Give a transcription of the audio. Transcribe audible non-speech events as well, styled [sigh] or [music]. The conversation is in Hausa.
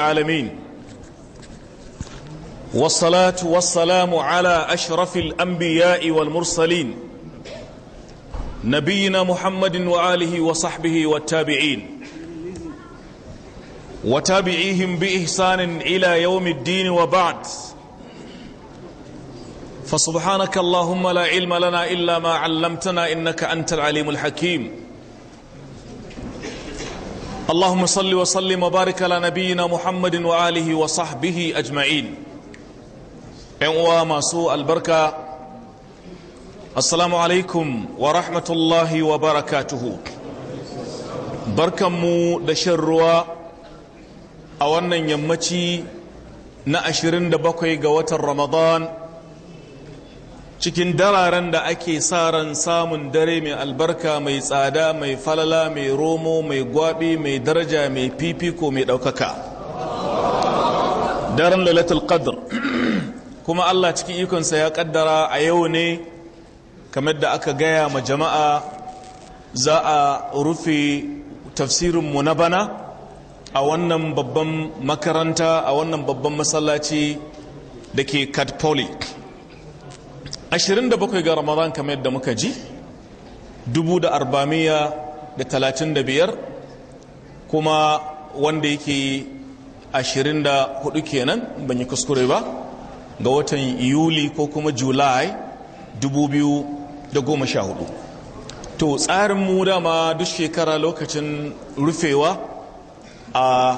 العالمين والصلاة والسلام على أشرف الأنبياء والمرسلين نبينا محمد وآله وصحبه والتابعين وتابعيهم بإحسان إلى يوم الدين وبعد فسبحانك اللهم لا علم لنا إلا ما علمتنا إنك أنت العليم الحكيم اللهم صل وسلم وبارك على نبينا محمد وآله وصحبه أجمعين أنوا ماسو البركة السلام عليكم ورحمة الله وبركاته بركة مو دشروا أولا يمتي نأشرين دبقي قوة رمضان cikin dararen da ake sa ran samun dare mai albarka mai tsada mai falala mai romo mai gwabi mai daraja mai fifiko mai ɗaukaka daren lalatul qadr [clears throat] kuma allah cikin ikonsa ya kaddara a yau ne kamar da aka gaya ma jama'a za a rufe tafsirinmu na bana a wannan babban makaranta a wannan babban masallaci da ke katpolik 27 ga ramadan kamar yadda muka ji 435 kuma wanda yake 24 kenan ban yi kuskure ba ga watan yuli ko kuma july 2014 to tsarin mu dama duk shekara lokacin rufewa a